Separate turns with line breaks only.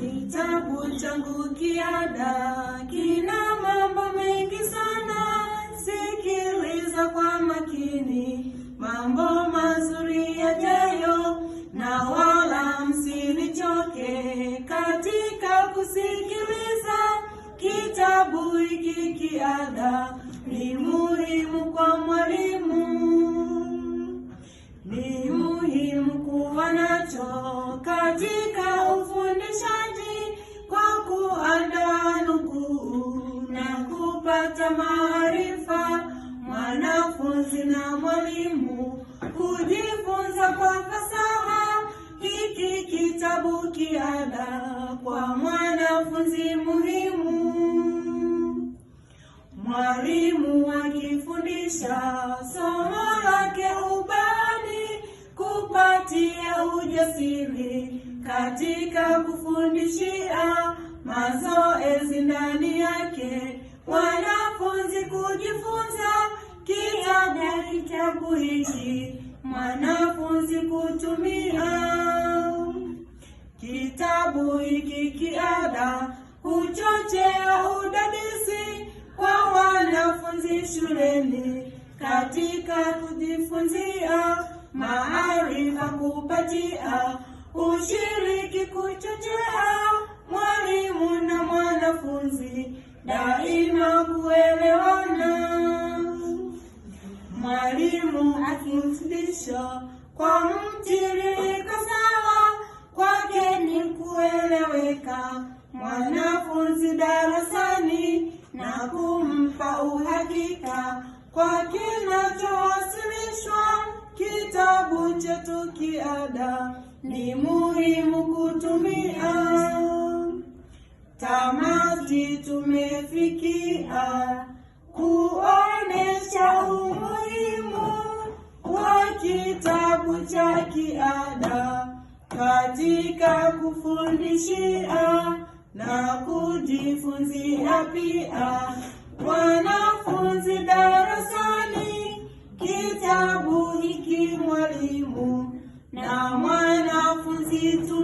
Kitabu changu kiada kina mambo mengi sana, sikiliza kwa makini, mambo mazuri yajayo, na wala msinichoke katika kusikiliza. Kitabu hiki kiada ni muhimu kwa mwalimu, ni muhimu kuwa nacho katika kupata maarifa, mwanafunzi na mwalimu kujifunza kwa fasaha. Hiki kitabu kiada kwa mwanafunzi muhimu, mwalimu akifundisha somo lake ubani, kupatia ujasiri katika kufundishia mazoezi ndani yake wana kujifunza kiada kitabu hiki, mwanafunzi kutumia kitabu hiki kiada, huchochea udadisi kwa wanafunzi shuleni katika kujifunzia maarifa, kupatia ushiriki, kuchochea mwalimu na mwanafunzi daima kuwe Mungu akimfundisha kwa mtiririko sawa, kwake ni kueleweka mwanafunzi darasani na kumpa uhakika kwa kinachowasilishwa kitabu chetu kiada, ni muhimu kutumia. Tamati tumefikia kuonesha kitabu cha kiada katika kufundishia na kujifunzia pia, wanafunzi darasani, kitabu hiki mwalimu na mwanafunzi tu.